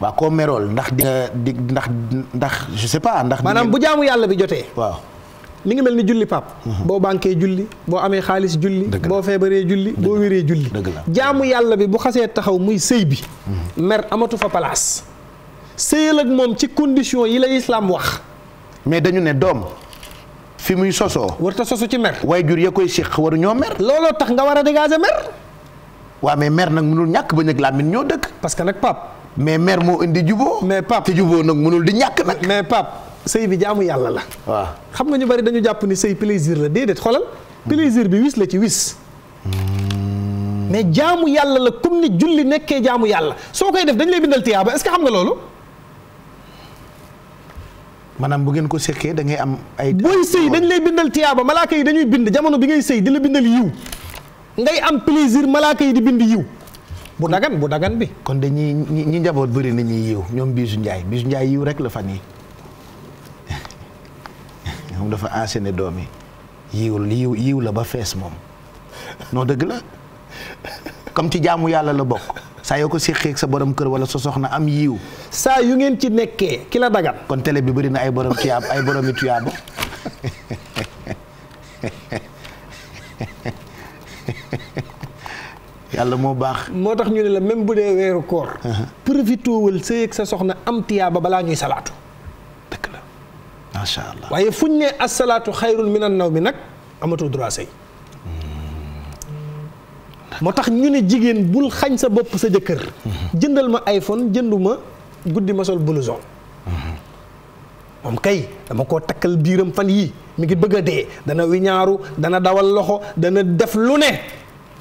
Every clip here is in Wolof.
waaw koo merool ndax di nga ndax ndax je sais ndax. maanaam bu jaamu yàlla bi jotee. waaw mi ngi mel ni julli pap mhm. boo banquee julli boo amee xaalis julli. boo feebaree julli boo wéree julli. jaamu yàlla bi bu xasee taxaw muy sëy bi. Mhm. mer amatu fa place. sëyal ak moom ci condition yi la islam wax. mais dañu ne doom. fi muy sosoo. warta soso ci mer. waaye jur ya koy siq waru ñoo mer. looloo tax nga war a dégager mer. waaw mais mer nag mënul ñàkk ba ñëg làmmiñ ñoo dëkk. parce que nag pap mais maire moo indi juboo mais Pape te juboo nag mënul di ñàkk nag. mais Pape sëy bi jaamu yàlla la. waaw xam nga ñu bari dañu jàpp ni sëy plaisir la déedéet xoolal. plaisir bi wis la ci wis. Hmm. mais jaamu yàlla la comme ni julli nekkee jaamu yàlla soo koy def dañu lay bindal tiyaaba est-ce que xam nga loolu. maanaam bu ngeen ko sekkee da ngay am ay. booy sëy dañ lay bindal tiyaaba malaaka yi dañuy bind jamono bi ngay sëy di la bindal yiw. ngay am plaisir malaaka yi di bind yiw. bu dagan bu dagan bi. kon de ñi ñi njaboot bëri na ñuy yiw ñoom Bijou njaay Bijou Ndiaye yiw rek la fan yi moom dafa enseigné doom yi yiw yiw yiw la ba fees moom noo dëgg la comme ci jaamu yàlla la bokk saa yoo ko séqee ak sa borom kër wala sa soxna am yiw. saa yu ngeen ci nekkee ki la dagan. kon tele bi bëri na ay borom tuyaab ay boromi tuyaab. yàlla moo baax. moo tax ñu ne la même bu dee weeru koor. profité wal sëy ak sa soxna am ba balaa ñuy salaatu. dëgg la macha allah. waaye fu ñu nee asalaatu xayrun minan naw mi nag amatoo droit sëy. Hmm. moo tax ñu ne jigéen bul xañ sa bopp sa jëkkër. Hmm. jëndal ma iPhone jëndu ma guddi ma sol hmm. moom kay dama koo takkal biiram fan yi mu ngi bëgg a dee dana wiñaaru dana dawal loxo dana def lu ne.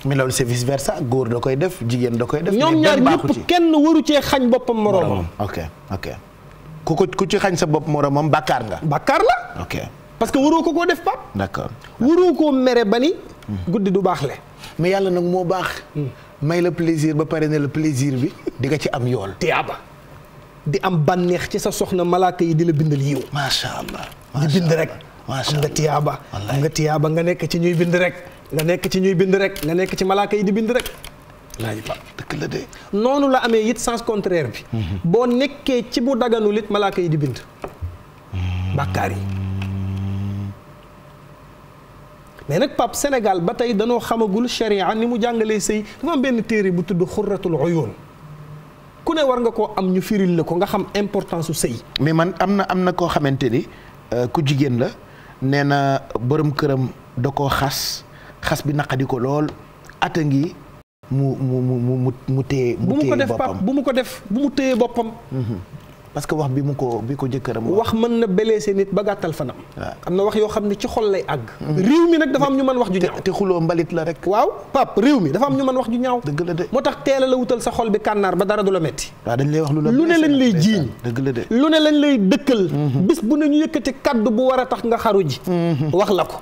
mais loolu c'est vice versa góor da koy def jigéen da koy def. ñoom ñaar ñëpp kenn waru cee xañ boppam moroomam. ok ok ku ci xañ sa bopp moroomam bàkkaar nga. bàkkaar la. ok parce que waroo ko koo def pap d'accord waroo koo mere ba ni. guddi du baax le mais yàlla nag moo baax. Hmm. may la plaisir ba pare ne la plaisir bi di nga ci am yool. tiyaaba di am bànneex ci sa soxna malaaka yi di la bindal yiw. macha allah di bind rek. am nga tiyaaba am nga tiyaaba nga nekk ci ñuy bind rek. nga nekk ci ñuy bind rek nga nekk ci malaaka yi di bind rek noonu la amee it sens contraire bi mhm. boo nekkee ci bu daganul it malaaka yi di bind mhm. bàkkaar yi mais nag Pape Sénégal ba tey danoo xamagul sharia ni mu jàngalee sëy dafa am benn téere bu tudd xurratul uyun ku ne war nga koo am ñu firil la ko nga xam importance su sëy mais man am na am na koo xamante ni euh, ku jigéen la nee na borom këram da koo xas xas bi naqadi ko lool ata ngi mu mu mu mu mu mu téye bu mu ko def bu mu ko def bu mu téye boppam. Mhm. parce que wax bi ko bi ko jëkkëram wax mën na blessé nit ba gàttal fanam am na wax yoo xam ne ci xol lay àgg mhm. réew mi nag dafa am ñu mën wax ju ñaaw te xuloo mbalit la rek am ñu mën wax ju ñaaw dëgg la de moo tax teel a la wutal sa xol bi kànnaar ba dara du la metti waaw dañ lay wax lu la lu ne lañ lay jiiñ dëgg la lu ne lañ lay dëkkal mhm. bis bu ne ñu yëkkati kaddu bu war a tax nga xaru mhm. wax la ko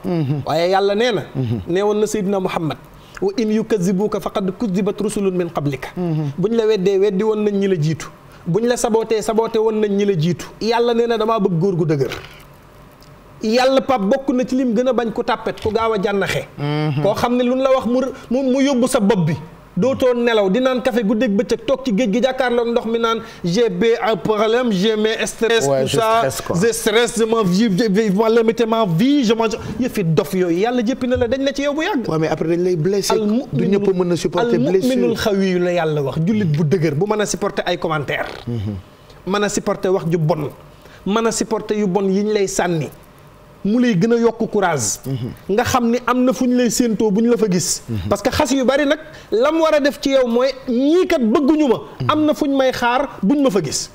waaye yàlla nee na nee woon na Seydina Muhammad wa in yukazzibuka faqad kuzibat rusulun min qablika buñ la weddee weddi woon nañ ñi la jiitu bu buñ la sabootee saboote woon nañ ñi la jiitu yàlla nee na dama bëgg góor gu dëgër yàlla pap bokk na ci mu gën a bañ ku tàppet ku gaaw a jànnaxe mm-hmm. koo xam ne lu ñu la wax mu mu yóbbu sa bopp bi dootoo nelaw di naan café guddeeg bëccëg toog ci géej gi jàkkaarloog ndox mi naan j'ai un problème j'ai mes stress tout ça je stress je ma vie ma limité ma vie je mange dof yooyu yàlla jëppi na la dañ la ci yow bu yàgg waaw mais après dañ lay blessé du ñëpp mën na supporter blessure al mu'minul la yàlla wax jullit bu dëgër bu mën a supporter ay commentaire mm-hmm. mën a supporter wax ju bon mën a supporter yu bon yi ñu lay sànni mu lay gën a yokk courage. nga xam ni am na fu ñu lay séentoo bu ñu la fa gis. parce que xas yu bari nag lam war a def ci yow mooy ñii kat bëgguñu ma. am na fu ñu may xaar buñ ma fa gis.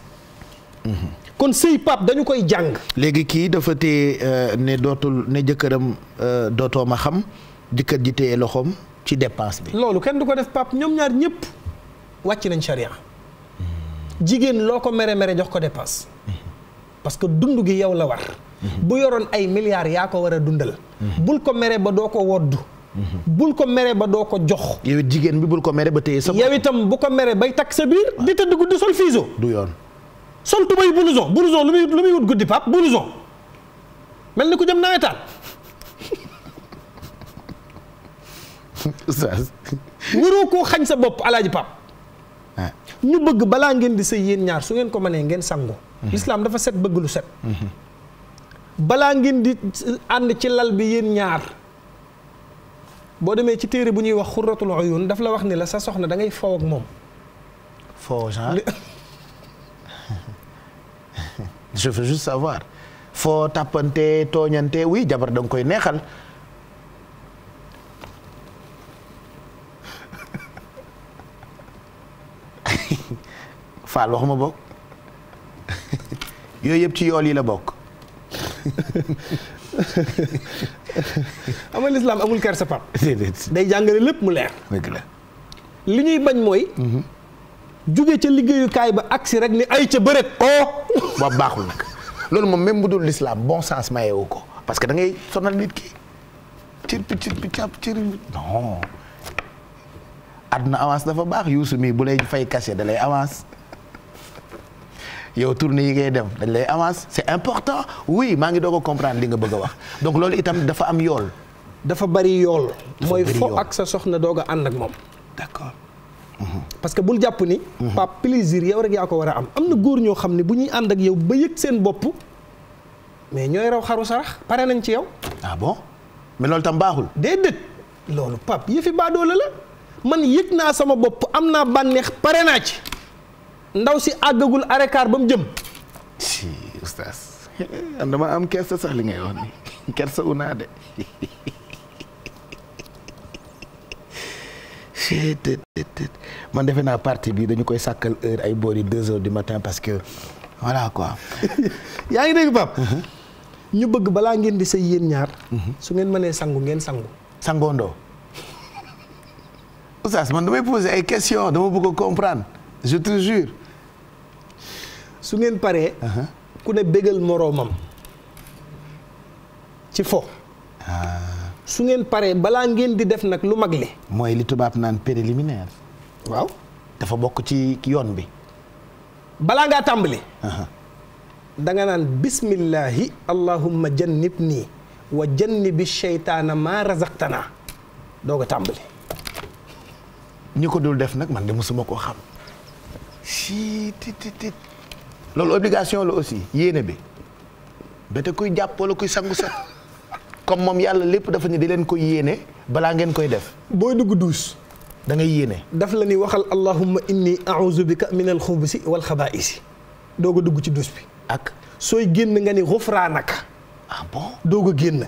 kon sëy pap dañu koy jàng. léegi kii dafa téye euh, ne dootul ne jëkkëram euh, dootoo ma xam jëkkër ji téye loxoom ci dépense bi. loolu kenn du ko def pap ñoom ñaar ñëpp wàcc nañ charia jigéen loo ko mere mere jox ko dépense parce que dund gi yow la war. bu yoroon ay milliards yaa ko war a dundal. bul ko mere ba doo ko woddu. bul ko mere ba doo ko jox. yow jigéen bi bul ko mere ba téye sa. yow itam bu ko mere bay takk sa biir. di tëdd guddi sol fiiso. du yoon sol tubay blouson blouson lu muy lu muy wut guddi pap blouson mel ni ku jëm nawetaan. oustaz. waroo koo xañ sa bopp alaaj pap ah. ñu bëgg balaa ngeen di sëy yéen ñaar su ngeen ko manee ngeen sango. lislaam mm-hmm. dafa set bëgg lu set. Mm-hmm. balaa ngeen di ànd ci lal bi yéen ñaar boo demee ci téere bu ñuy wax xurratul yoon daf la wax ni la sa soxna da ngay fow moom. foo genre savoir foo tàppante tooñante oui jabar da koy neexal. Faal wax ma bokk yooyu yëpp ci yool yi la bokk. ama islam amul kersa pap day jàngale lépp mu leer. li ñuy bañ mooy. Mhm. jóge ca liggéeyukaay ba agsi rek ni ay ca bëreet. oh waa baaxul nag loolu moom même bu dul l'islam bon sens mayewu ko parce que da sonal nit ki cër bi cër non àdduna avance dafa baax yuusu mii bu lay fay cachet da lay avance. yow tournée yi ngay dem dañ lay avance c'est important oui maa ngi doog a comprendre li nga bëgg a wax donc loolu itam dafa am yool. dafa bari yool. mooy fo ak sa soxna doog a ànd ak moom. d'accord. Mhm. parce que bul jàpp ni. Mhm. Pape plaisir yow rek yaa ko war a am am na góor ñoo xam ne bu ñuy ànd ak yow ba yëg seen bopp mais ñooy raw xaru sarax pare nañ ci yow. ah bon mais loolu tam baaxul. déedéet loolu Pape yëfi baadoola la man yëg naa sama bopp am naa bànneex pare ndaw si àggagul arekaar ba mu jëm. si oustaz dama am kersa sax li ngay wax ni kersa unaa de. man defe naa partie bii dañu koy sàkkal heure ay boori deux heures du matin parce que voilà quoi. yaa ngi dégg Pape. Mm-hmm. ñu bëgg balaa ngeen di sëy yéen ñaar. Mm-hmm. su ngeen mënee sangu ngeen sangu. sangoondoo. oustaz man damay poser ay questions dama bëgg a comprendre. je te jure. su ngeen paree. ku ne bégal moroomam ci fo. Ah. su ngeen paree balaa ngeen di def nag lu mag li. mooy li tubaab naan préliminaire. waaw dafa bokk ci yoon bi. balaa ngaa tàmbali. da nga naan bismillahi allahumma jannib nii wa jannibi sheytaana maa razaqtanaa doo ko tàmbali. ñu ko dul def nag man de mësuma koo xam. si tit loolu obligation la aussi yéene bi bete kuy jàpp wala kuy sangu set comme moom yàlla lépp dafa ni di leen koy yéene balaa ngeen koy def. booy dugg duus. dangay ngay yéene. daf la ni waxal allahumma inni a'udhu bika min al-khubusi wal khaba'isi doog a dugg ci duus bi. ak sooy génn nga ni ghufranaka. ah bon doog a génn.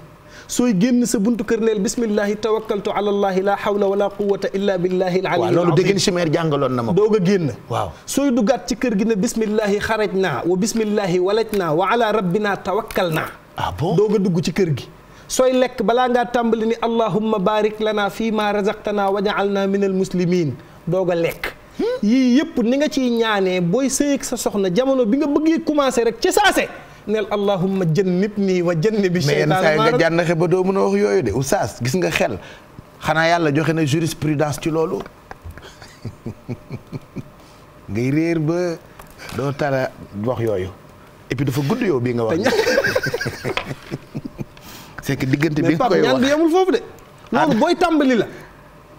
sooy génn sa buntu kër neel bismillahi tawakkaltu ala allahi la hawla wala quwwata illa billahi al aliyyil azim loolu dégg nga chimère jàngaloon na ma doog a génn waaw sooy dugaat ci kër gi ne bismillahi xaraj naa wa bismillahi walaj naa wa ala rabbina tawakkal naa ah a dugg ci kër gi sooy lekk balaa ngaa tàmbali ni allahumma barik lana fii ma razaqtana wa ja'alna min al muslimin doog a lekk hmm? yëpp ni nga ciy ñaanee booy sëyeeg sa soxna jamono bi nga bëggee commencé rek ci saase neel jën jannib nii wa jannibi seytaan mais yenn saa yi nga jànnaxe ba doo mën a wax yooyu de oustaz gis nga xel xanaa yàlla joxe na jurisprudence ci loolu ngay réer ba doo tara wax yooyu et puis dafa gudd yow bii nga wax c'est diggante bi nga koy wax mais ñaan bi yemul foofu de loolu ah. booy tàmbali la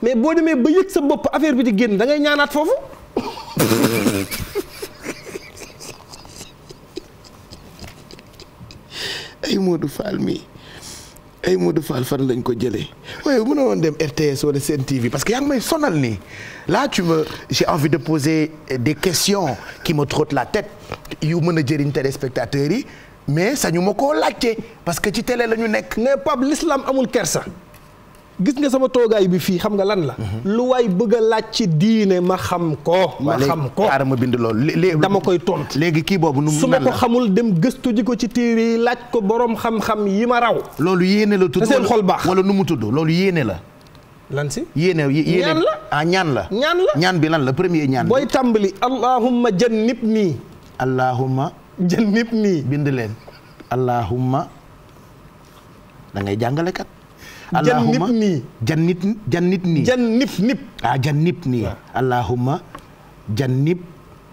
mais boo demee ba yëg sa bopp affaire bi di génn da ngay ñaanaat foofu ay Modou Fall mi ay Modou Fall fan lañ ko jëlee waaye mënoo woon dem RTS wala Sen TV parce que yaa ngi may sonal nii là tu me j'ai envie de poser des question ki ma trottent la tête yu mën a jëriñ téléspectateurs yi mais sañu ma koo laajte parce que ci télé la ñu nekk. mais Pape l'islam amul kersa. gis nga sama toogaay bi fii xam nga lan la. Mhm. lu waay bëgg a laaj ci diine ma xam ko. ma xam ko waaw ma bind loolu dama koy tontu. léegi kii boobu nu mu xamul dem gëstu ji ko ci téere laaj ko borom xam yi ma raw. loolu yéene la tudd seen xol baax wala nu mu tudd loolu yéene la. lan si yéene yéene ah, ñaan la ñaan la. ñaan bi lan la premier ñaan. booy tàmbali allahumma jannib nii. allahumma. jannib nii bind leen. allahumma da ngay jàngalekat. allahumma jannib nii jannib jannib nii. jannib nib. ah jannib nii. waaw ah. allahumma jannib.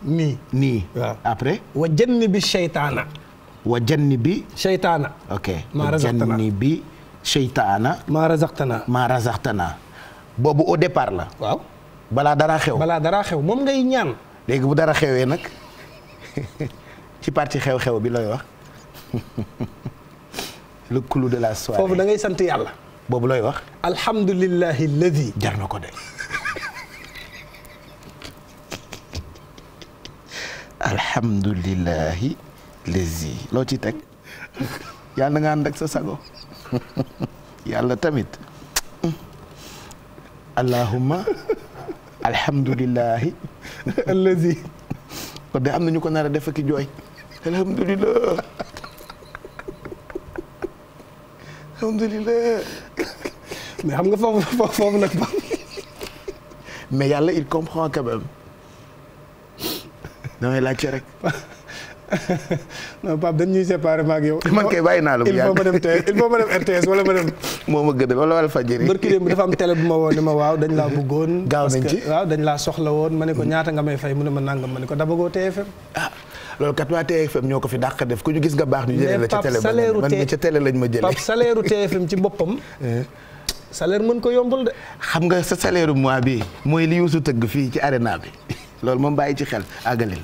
Ah. après. wa jannibi shaytaana. wa jannibi. shaytaana. ok maa razaqtana jannibi shaytaana. maa razaqtana. maa boobu au départ la. waaw balaa dara xew. balaa daraa xew moom ngay ñaan. léegi bu dara xewee nag ci parti xew-xew bi looy wax le clou de la soirée. foofu ngay sant yàlla. boobu looy wax. alhamdulillahi alladi jar na ko de. alhamdulillahi lazi loo ci teg yàlla na nga ànd sa sago yàlla tamit allahumma alhamdulillahi lazi kon de am na ñu ko nar def alhamdulilah mais xam nga foofu foofu nag mais yàlla il comprend quand même damay laajte rek. non Pape dañ ñuy séparé ma ak yow. naa la bu yàgg il faut ma dem tey il faut ma dem RTS wala ma dem. moo ma gën wala wala fajiri. barki démb dafa am télé bu ma woo ma waaw dañ laa bëggoon. gaaw nañ ci waaw dañ laa soxla woon ma ne ko mm-hmm. ñaata nga may fay mu ne ma nangam ma ne ko dabagoo TFM. Ah. loolu kat waa TFM ñoo ko fi dàq def ku ñu gis nga baax ñu jëlee la ca télé ba man mi ca télé lañ ma ci boppam salaire mën ko yombul de xam nga sa salaire mois bi mooy li Youssou tëgg fii ci arena bi loolu moom bàyyi ci xel àggaleel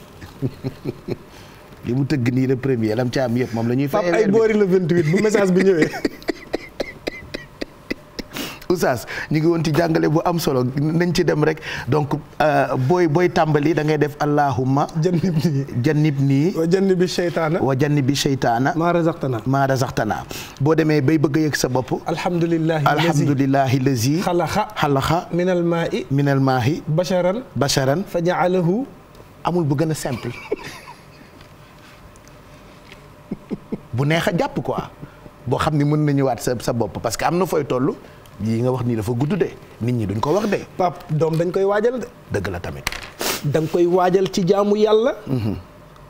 li mu tëgg nii la premier lam ca am moom la ñuy fay ay boori la 28 bu message bi ñëwee Oustaz ñu ngi woon ci jàngale bu am solo nañ ci dem rek donc euh, booy booy tàmbali da ngay def allahumma. jannib nii jannib nii. wa jannib bi shaytaana. wa jannib bi shaytaana. maa razaqtana. boo demee bay bëgg a yëg sa bopp. alhamdulilahi lazi alhamdulilahi lazi. xalaxa xalaxa. minal maa'i. minal maa'i. basharan. basharan. fa ja'alahu. amul bu gën a simple. bu neex a jàpp quoi boo xam ni mën na ñëwaat sa bopp parce que am na fooy toll. yi nga wax nii dafa gudd de nit ñi duñ ko wax de. pap doom dañ koy waajal de. dëgg la tamit. da nga koy waajal ci jaamu yàlla. Mhm.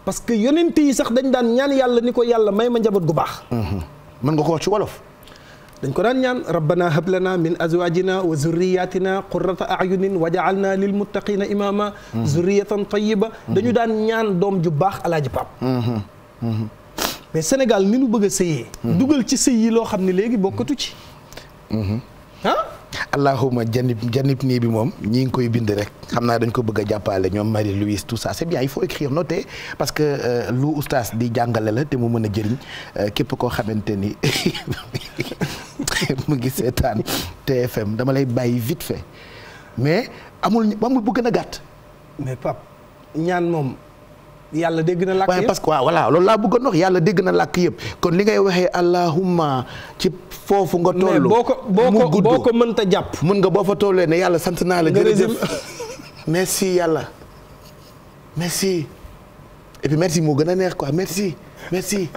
parce que yonent yi sax dañ daan ñaan yàlla ni ko yàlla may ma njaboot gu baax. Mhm. mën nga ko wax ci wolof. dañ ko daan ñaan rabbana hab lana min azwajina wa zurriyatina qurrata ayunin wajaalna lil muttaqina imama mhm. zurriyatan tayyiba dañu daan ñaan doom ju baax alaaji pap mais Sénégal ni nu bëgg a sëyee dugal ci sëy yi loo xam ne léegi bokkatu ci ah. allahuma janib janib nii bi moom ñii ngi koy bind rek xam naa dañ ko bëgg a jàppale ñoom Marie-Louise tout ça c'est bien il faut écrire noter parce que euh, lu oustaz di jàngale la te mu mën a jëriñ euh, képp koo xamante ni mu ngi seetaan TFM dama lay bàyyi vite fait mais amul amul bu gën a gàtt. mais Pape ñaan moom. yàlla dégg na làkk yëpp parce que voilà loolu laa bëggoon wax yàlla dégg na yëpp kon li ngay waxee allahumma ci foofu nga toll mu gudd boo ko mënta jàpp mën nga boo fa tollee ne yàlla sant naa la jërëjëf merci yàlla merci et merci moo gën a neex quoi merci merci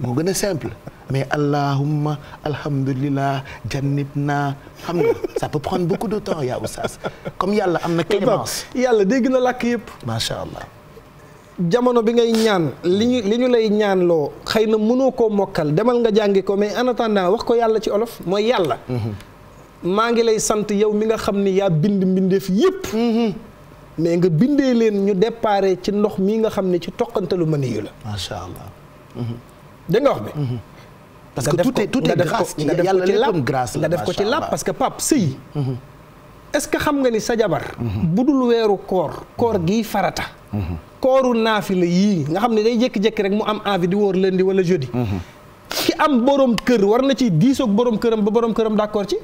moo gën a simple mais allahumma alhamdulillah jannib naa xam nga ça peut prendre beaucoup de temps yaa oustaz comme yàlla am na clémence yàlla dégg na làkk yëpp macha allah jamono bi ngay ñaan li ñu li ñu lay ñaanloo xëy na mënoo koo mokkal demal nga jàngi ko mais en attendant wax ko yàlla ci olof mooy yàlla. Mm-hmm. maa ngi lay sant yow mi nga xam ni yaa bind mbindeef yëpp. Mm-hmm. mais nga bindee leen ñu déparé ci ndox mii nga xam ne ci toqantalu mën yu la. macha allah. Mm-hmm. dégg nga wax bi. parce que tout est tout est grâce nga def ko ci làpp nga def ko ci làpp parce que pap sëy. est-ce que xam nga ni sa jabar. dul weeru koor koor gii farata. kooru la yii nga xam ne day jékki-jékki rek mu am envie di leen di wala jeudi. Mhm. ki am borom kër war na ci diisoog boroom këram ba boroom këram d'accord ci.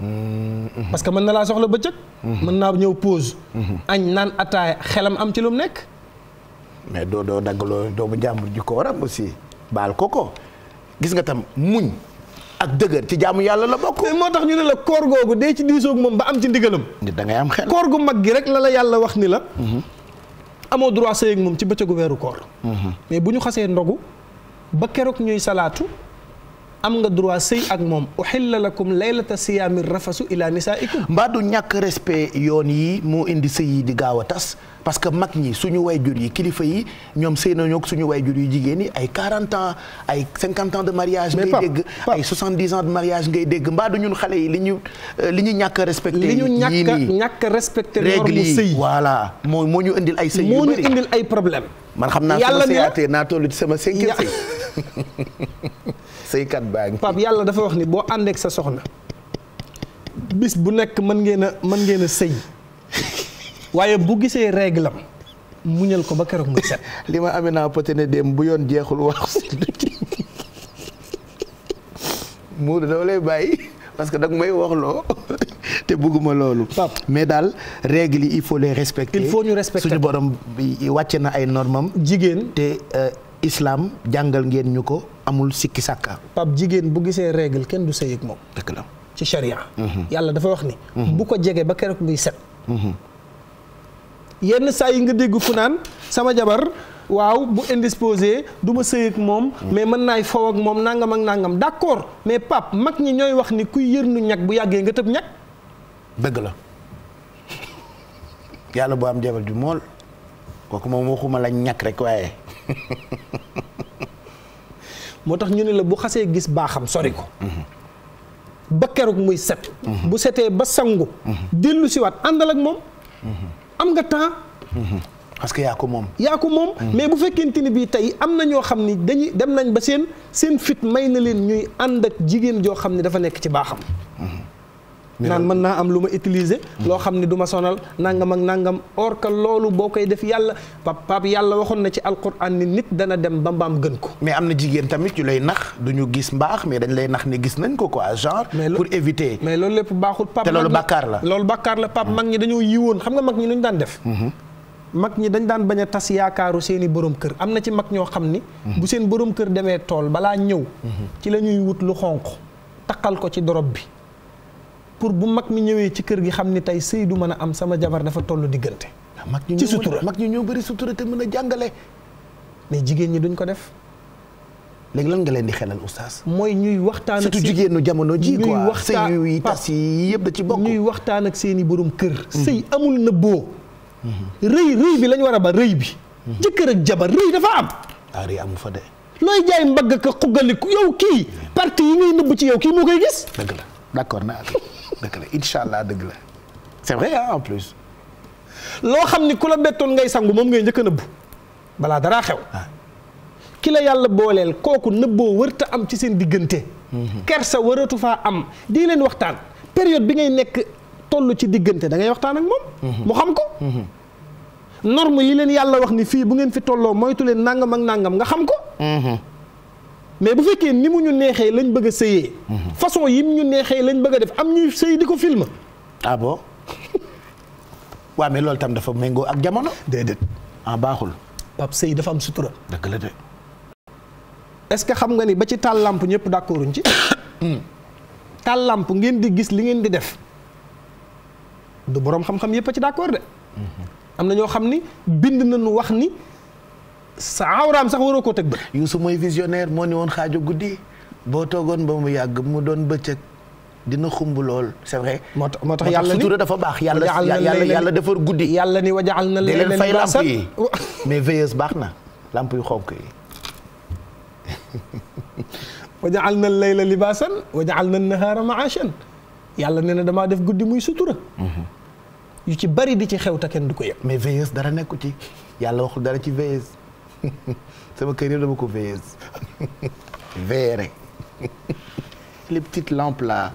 Mhm. parce que mën na laa soxla bëccëg. Mhm. mën naa ñëw pause. añ naan ataaya xelam am ci lu mu nekk. mais doo doo daggaloo doomu jàmbur ji ko waram baal ko ko gis nga tam muñ ak dëgër ci jaamu yàlla la bokk. moo tax ñu ne la koor googu dee ci diisoog moom ba am ci ndigalam. da ngay am xel koor gu mag gi rek la la yàlla wax ni la. amoo droit sëy ak moom ci bëccëgu weeru koor mhm. mais bu ñu xasee ndogu ba keroog ñuy salaatu am nga droit sëy ak moom uhilla lakum laylata siyaami rafasu ila nisaikum mbaa du ñàkk respect yoon yi moo indi sëy yi di gaaw a tas parce que mag ñi suñu wayjur yi kilifa yi ñoom sëy nañoo ak suñu wayjur yu jigéen yi ay 40 ans ay 50 de mariage. ngay dégg ay 70 ans de mariage ngay dégg mbaa du ñun xale yi li ñu euh, li ñu ñàkk a respecté. li ñu ñàkk a ñàkk a sëy voilà moo moo ñu indil ay. sëy yu bëri moo ñu indil ay problème man xam naa sama seyaatee naa toll sama cinquième sëy sëykat baa ngi yàlla dafa wax ni boo àndeek sa soxna bis bu nekk mën ngeen a mën ngeen a sëy waaye bu gisee règle am muñal ko ba keroog muy set li ma amee naa peut ne dem bu yoon jeexul wax muudu dama lay bàyyi parce que danga may wax te bëgguma loolu mais daal règles yi il faut les respecter il faut ñu respecter suñu borom wàcce na ay normam jigéen te euh, islaam jàngal ngeen ñu ko amul sikki sàkka pap jigéen bu gisee règle kenn du sëy ak moom dëgg la ci charia mhm. yàlla dafa wax ni mhm. bu ko jege ba keroog muy set mhm. yenn saa yi nga dégg ku naan sama jabar waaw bu indisposé du ma sëy ak moom mais mën naay fow ak moom nangam ak nangam d'accord mais pap mag ñi ñooy wax ni kuy yërnu ñag bu yàggee nga tëb ñag bëgg la yàlla bu am jabar ju mool kooku moom waxuma la ñàkk rek waaye moo tax ñu ne la bu xasee gis baaxam sori ko ba keroog muy set bu setee ba sangu dellu siwaat àndal ak moom am nga temps parce que yaa ko moom yaa ko moom mais bu fekkente ni bii tey am na ñoo xam ni dañuy dem nañ ba seen seen fit may na leen ñuy ànd ak jigéen joo xam ne dafa nekk ci baaxam naan mën naa am lu ma utiliser hmm. loo xam ne duma sonal nangam ak nangam or que loolu boo koy def yàlla pap pap yàlla waxoon na ci alquran ni nit dana dem ba mbaam gën ko mais am na jigéen tamit yu lay nax du ñu gis mbaax mais dañ lay nax ne gis nañ ko quoi genre pour éviter mais loolu lépp baaxul pap te loolu bàkkaar la loolu bàkkaar la pap hmm. mag ñi dañoo yiwoon xam nga mag ñi nu ñu daan def hmm. mag ñi dañ daan bañ a tas yaakaaru seeni i borom kër am na ci mag ñoo xam ni bu seen borom kër demee tool balaa ñëw ci la ñuy wut lu xonq taqal ko ci dorob bi pour bu mag mi ñëwee ci kër gi xam ni tey sëy du mën a am sama jabar dafa toll diggante. ci sutura mag ñu ñoo bëri sutura te mën a jàngale. mais jigéen ñi duñ ko def. léegi lan nga leen di xelal oustaz. mooy ñuy waxtaan ak surtout jigéenu jamono ji quoi ñuy waxtaan sëy yi tas yi yëpp da ci bokk. ñuy waxtaan ak borom kër. Mhm. sëy amul na boo. Mhm. rëy rëy bi lañ war a ba rëy bi. Mhm. jëkkër ak jabar rëy dafa am. waaw ah, rëy fa de. looy jaay mbagg ka xugaliku yow kii. parti yi ngay nëbb ci yow kii moo koy gis. dëgg la d'accord dëgg la incha allah dëgg la c'est loo xam ni ku la bettoon ngay sangu moom ngay njëkk a nëbbu balaa daraa xew. Ah. ki la yàlla booleel kooku nëbboo wërta am ci seen diggante. Mhm. kersa waratu faa am di leen waxtaan période bi ngay nekk toll ci diggante da ngay waxtaan ak moom. Mhm. mu xam ko. Mhm. norme yi leen yàlla wax ni fii bu ngeen fi tolloo moytu leen nangam ak nangam nga xam ko. mais bu fekkee ni mu ñu neexee lañ bëgg a sëyee. Mhm. façon yi mu ñu neexee lañ bëgg a def am ñuy sëy di ko film. ah bon waaw mais loolu tam dafa méngoo ak jamono. déedéet ah baaxul. pap sëy dafa am sutura. dëgg est-ce que xam nga ni ba ci tàllamp ñëpp d'accorduñ ci. tàllamp ngeen di gis li ngeen di def du boroom xam-xam yëpp a ci d'accord de. Mhm. am na ñoo xam ni bind na nañu wax ni. sa awraam sax waroo koo teg bët. Youssou mooy visionnaire moo ni woon xaajo guddi boo toogoon ba mu yàgg mu doon bëccëg dina xumb lool c'est vrai. moo tax moo tax yàlla ni sutura dafa baax. yàlla yàlla yàlla defar guddi. yàlla ni wajaal na leen leen fay lamp yi mais veilleuse baax na lamp yu xonk yi. wajaal na layla libaasan wajaal na nahaara maashan yàlla nee na damaa def guddi muy sutura. Mm-hmm. yu ci bari di ci xewta kenn du ko yëg. mais veilleuse dara nekku ci yàlla waxul dara ci veilleuse. sama kër yëpp dama ko veilleuse verre les petites lampes là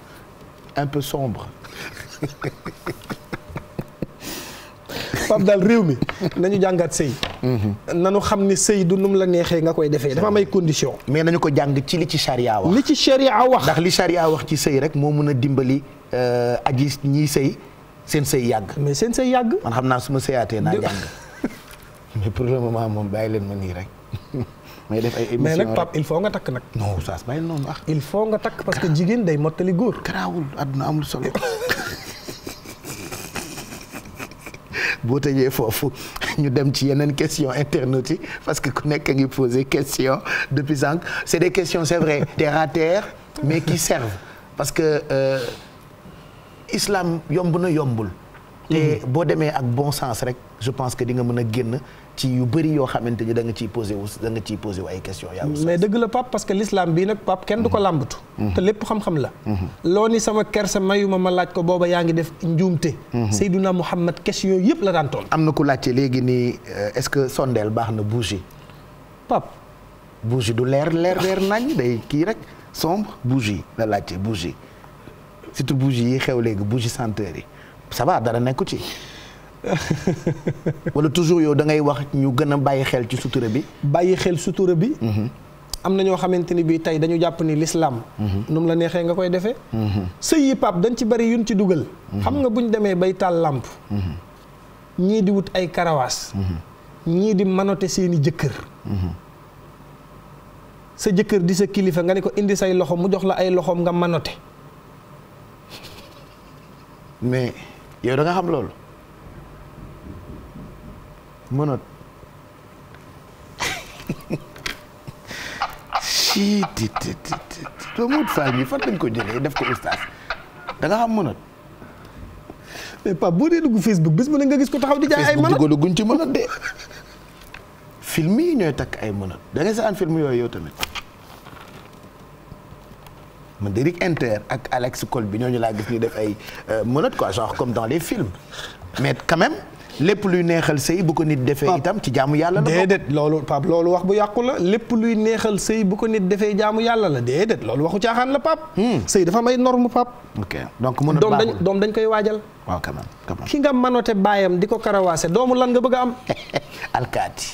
un peu sombres Pape daal réew mi nañu jàngaat sëy mhm. nañu xam ne sëy du num la neexee nga koy defee dafa may condition mais nañu ko jàng ci li ci charia wax li ci charia wax ndax li charia wax ci sëy rek moo mën a dimbali euh, aji ñii sëy seen sëy yàgg mais seen sëy yàgg man xam naa su ma sëyaatee naa jàng mais pour moment moom bàyyi leen ma nii rek. mais def ay émissions mais nag il faut nga takk nag. non oustaz bàyyi noonu ah. il faut nga takk parce que jigéen day mottali góor. garaawul àdduna amul solo. boo tëjee foofu ñu dem ci yeneen question internautes yi parce que ku nekk ngi poser question depuis sànq c' est des questions c' est vrai terre à terre mais qui servent parce que euh, islam yomb na yombul. te mhm. boo demee ak bon sens rek je pense que di nga mën a génn ci yu bëri yoo xamante ni danga ciy posé wu da nga ciy posé wu ay questions yaa mais dëgg la Pape parce que l'islam bii nag Pape kenn du ko mhm. làmbatu mhm. te lépp xam-xam la loo ni sama kersa mayuma ma laaj ko booba yaa ngi def njuumte Seydina Mouhamed question yooyu yëpp la daan am na ku laajte léegi nii euh, est-ce que sondeel baax na bougie Pape bougie du leer leer leer nañ day kii rek sombre bougie la laajte bougie surtout bougie yi xew léegi bougie senteur yi ça dara nekku ci wala toujours yow da ngay wax ñu gën a bàyyi xel ci sutura bi. bàyyi xel sutura bi. Mm-hmm. am na ñoo xamante ni bii tey dañu jàpp ni lislaam mm-hmm. nu la neexee nga koy defee. Mm-hmm. sëy yi pap dañ ci bari yuñ ci dugal. xam nga buñ demee bay taal làmp. ñii di wut ay karawaas. ñii di manote seeni jëkkër. sa jëkkër di sa kilifa nga ne ko indi say loxo mu jox la ay loxoom nga manote mais. yow da xam loolu mënat sii ti ti ti ti soo mut faal bi fan lañ ko jëlee def ko ustaas da nga xam mënat mais Pape boo dee dugg Facebook bés bu ne nga gis ko taxaw di jaay ay mënat Facebook dugg ci mënat de film yi ñooy takk ay mënat da ngay seetaan film yooyu yow tamit man de Rick Enter ak Alex Cole bi ñooñu laa gis ñu def ay euh, menottes quoi genre comme dans les films mais quand même lépp luy neexal sëy bu ko nit defee itam ci jaamu yàlla la déedéet loolu Pape wax bu yàqu la lépp luy neexal sëy bu ko nit defee jaamu yàlla la déedéet loolu waxu caaxaan la Pape hmm. sëy dafa am ay norme Pape donc mën doom dañ doom dañ koy waajal waaw quand même quand même ki nga manote baayam di ko karawaase doomu lan nga bëgg a am alkaati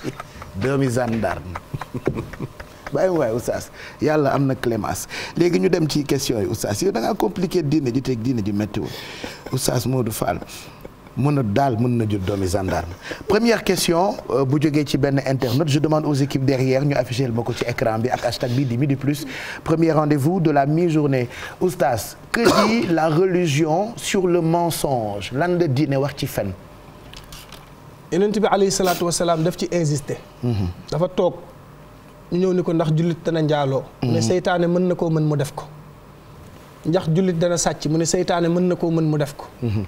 doomi gendarme bàyyi ma waaye oustaz yàlla am na clémence léegi ñu dem ci question yi oustaz yow da ngaa compliqué diine ji teg diine ji méttiwul oustaz Modou Fall mën a daal mën na jur doomi gendarme première question euh, bu jógee ci benn internaute je demande aux équipes derrière ñu afficher ma ko ci écran bi ak hashtag bi di midi plus premier rendez-vous de la mi-journée oustaz que dit la religion sur le mensonge lan la diine wax ci fen yonent bi alayhi salaatu wasalaam ci insister mhm. ñu ñëw ni ko ndax jullit dana njaaloo ne mm-hmm. seytaane mën na koo mën mu def ko ndax jullit dana sàcc mu ne seytaane mën na koo mën mu def ko mm-hmm.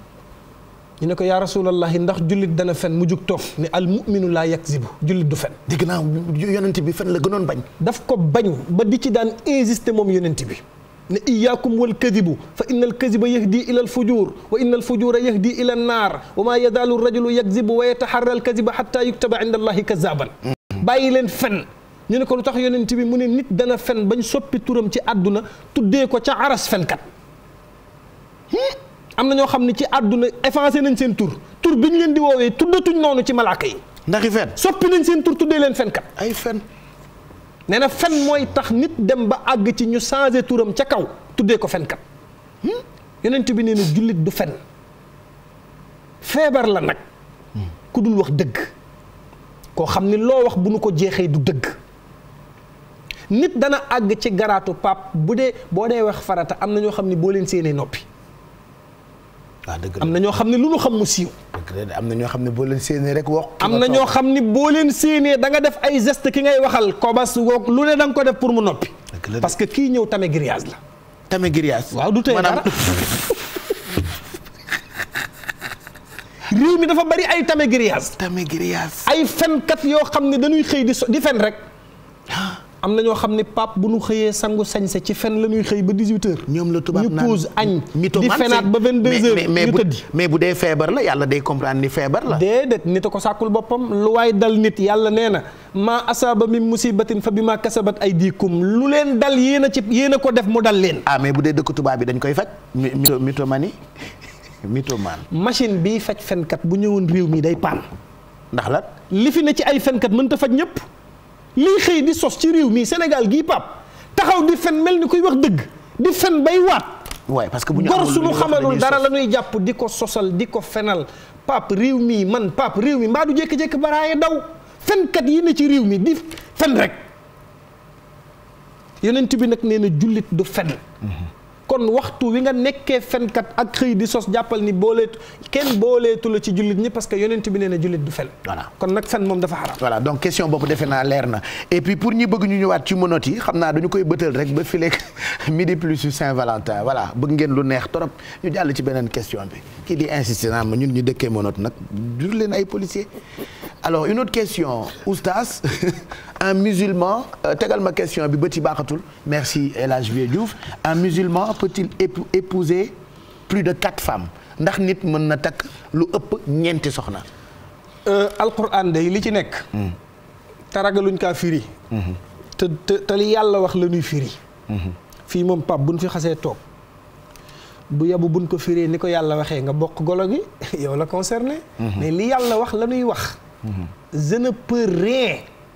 ñu ne ko yaa rasulallahi ndax jullit dana fen mu jug toof ni al muminu laa yakzibu jullit du fen di naa yonent bi fen la gënoon bañ daf ko bañ ba di ci daan insiste moom yonent bi ne iyaakum wal kadibu fa inna al kadiba yahdi ila al fujur wa inna al fujura yahdi ila an naar wa maa yazaalu rajulu yakzibu wa yataharra al kadiba xatta yuktaba inda allahi kazaban mm-hmm. bàyyi leen fen ñu ne ko lu tax yonent bi mu ne nit dana fen bañ soppi turam ci àdduna tuddee ko ca aras fenkat hmm? am na ñoo xam ne ci àdduna effacé nañ seen tur tur bi ñu leen di woowee tuddatuñ noonu ci malaaka yi ndaxi fen soppi nañ seen tur tuddee leen fenkat ay fen nee na fen mooy tax nit dem ba àgg ci ñu changé turam ca kaw tuddee ko fenkat hmm? yonent bi nee na jullit du fen feebar la nag hmm. ku dul wax dëgg koo xam ni loo wax bu nu ko jeexee du dëgg nit dana àgg ci garaatu pap bu dee boo dee wax farata am na ñoo xam ne boo leen seenee noppi. Ah, am na ñoo xam ne lu nu xam mu siiw. am na ñoo xam ne boo leen séenee rek wax. am na ñoo xam ni boo leen séenee da nga def ay geste ki ngay waxal kobas woog lu ne da ko def pour mu noppi. parce que kii ñëw tame grillage la. tame grillage waaw du tey dara réew mi dafa bari ay tame grillage. tame grillage. ay fenkat yoo xam ne dañuy xëy di so di fen rek. Ah. am na ñoo xam ne pape bu nu xëyee sangu sañse ci fen la ñuy xëy ba 18h. ñoom la tubaab naan ñu pause añ. di fenaat ba 22h ñu tëddi mais bu dee feebar la yàlla day comprendre ni feebar la. déedéet nit a ko sàkkul boppam lu waay dal nit yàlla nee na maa asaaba min musibatin fa bi maa kasabat ay diikum lu leen dal yéen a ci yéen a ko def mu dal leen. ah mais bu dee dëkk tubaab bi dañ koy faj. mito mi mythomanie mythomane. machine bi faj fenkat bu ñëwoon réew mii day paan. ndax la li fi ne ci ay fenkat mënta faj ñëpp. lii xëy di sos ci réew mii Sénégal gii pap taxaw di fen mel ni koy wax dëgg di fen bay waat. waaye parce que bu ñu gor suñu xamalul dara la ñuy jàpp di ko sosal di ko fenal pap réew mii man pap réew mi mbaa du jékki-jékki baraaye daw fenkat yi ne ci réew mi di fen rek yonent bi nag neena na jullit du fen. Mhm. kon waxtu wi nga nekkee fenkat ak xëy di sos jàppal ni booleetu kenn booleetu la ci jullit ñi parce que yonent bi nee na jullit du fen voilà kon nag fen moom dafa xaram voilà donc question boobu defe naa leer na et puis pour ñi bëgg ñu ñëwaat ci monote yi xam naa dañu koy bëtal rek ba fileeg midi plus su Saint-Valentin voilà bëgg ngeen lu neex torop ñu jàll ci beneen question bi kii di insister naa ma ñun ñu dëkkee monote nag jur leen ay policier alors une question oustaz un musulman euh, tegal ma question bi bëti baaxatul merci El Hadj Vieux Diouf un musulman peut-il épouser plus de quatre femmes ndax nit mën na takk lu ëpp ñeenti soxna. Euh, alquran day li ci nekk. Hmm. te ragaluñ kaa firi. Hmm. te te li yàlla wax la ñuy firi. Hmm. fii moom bu buñ fi xasee toog bu yabu buñ ko firee ni ko yàlla waxee nga bokk golo gi yow la concerné. mais li yàlla wax la wax. je ne